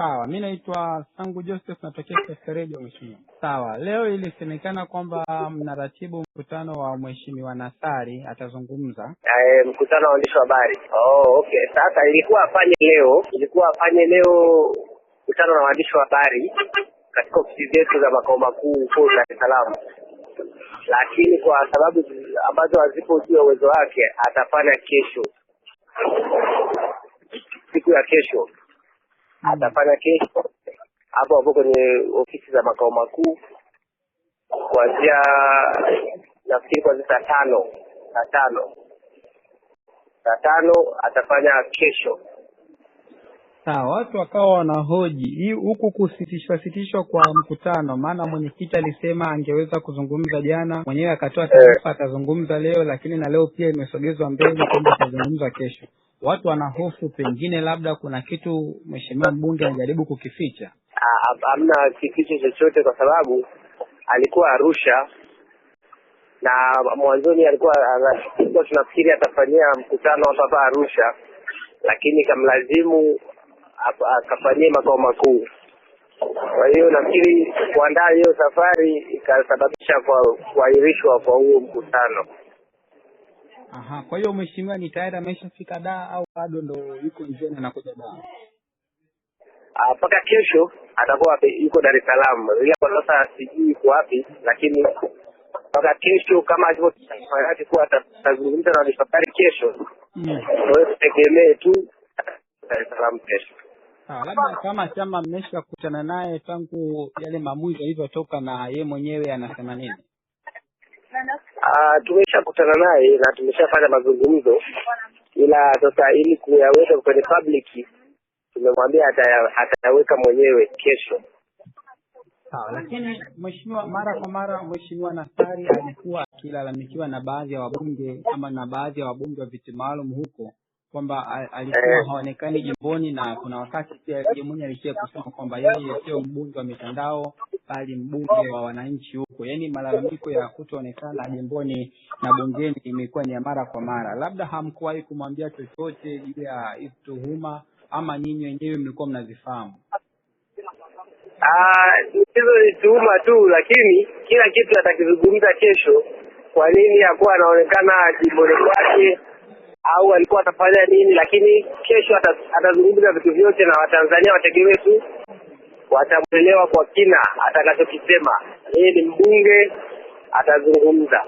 Sawa, mi naitwa Sangu Joseph, natokea Kaskarejo. Mheshimiwa, sawa. Leo ilisemekana kwamba mnaratibu mkutano wa mheshimiwa Nasari atazungumza e, mkutano wa waandishi wa habari. Oh, okay. Sasa ilikuwa afanye leo, ilikuwa afanye leo mkutano na waandishi wa habari katika ofisi zetu za makao makuu huko Dar es Salaam, lakini kwa sababu ambazo hazipo juu ya uwezo wake atafanya kesho, siku ya kesho Mm-hmm. atafanya kesho hapo hapo kwenye ofisi za makao makuu kuanzia nafikiri kuanzia saa tano saa tano saa tano atafanya kesho sawa watu wakawa wanahoji hii huku kusitishwa sitishwa kwa mkutano maana mwenyekiti alisema angeweza kuzungumza jana mwenyewe akatoa taarifa eh. atazungumza leo lakini na leo pia imesogezwa mbele kwamba atazungumza kesho watu wanahofu pengine labda kuna kitu mheshimiwa mbunge anajaribu kukificha. Ah, hamna kificho chochote, kwa sababu alikuwa Arusha na mwanzoni alikuwa alikuwa tunafikiri atafanyia mkutano hapa hapa Arusha, lakini kamlazimu akafanyie makao makuu. Kwa hiyo nafikiri kuandaa hiyo safari ikasababisha kuahirishwa kwa huo mkutano. Aha, kwa hiyo mheshimiwa ni tayari ameshafika daa au bado ndo yuko njiani anakuja daa? Ah, mpaka kesho atakuwa yuko Dar es Salaam, ila kwa sasa sijui kwa wapi, lakini mpaka kesho kama alivyotaarifa yake kuwa atazungumza na wanahabari kesho, mm. tegemee tu Dar es Salaam kesho. Ah, labda kama chama mmeshakutana naye tangu yale maamuzi yalivyotoka, na yeye mwenyewe anasema nini? Ah, tumeshakutana naye na tumeshafanya mazungumzo, ila sasa ili kuyaweka kwenye public tumemwambia atayaweka mwenyewe kesho. Sawa, lakini mheshimiwa, mara kwa mara mheshimiwa Nasari alikuwa akilalamikiwa na baadhi ya wabunge ama na baadhi ya wabunge wa viti maalum huko kwamba alikuwa eh. haonekani jimboni na kuna wakati pia Jimuni alikuwa kusema kwamba yeye sio mbunge wa mitandao pale mbunge oh. wa wananchi huko. Yaani malalamiko ya kutoonekana jimboni na bungeni imekuwa ni ya mara kwa mara. Labda hamkuwahi kumwambia chochote juu ya hizi tuhuma, ama nyinyi wenyewe mlikuwa mnazifahamu? Ah, hizo ni tuhuma tu, lakini kila kitu atakizungumza kesho. Kwa nini hakuwa anaonekana jimboni kwake au alikuwa atafanya nini? Lakini kesho atazungumza vitu vyote, na Watanzania wategemee tu watamwelewa kwa kina atakachokisema. Yeye ni mbunge, atazungumza.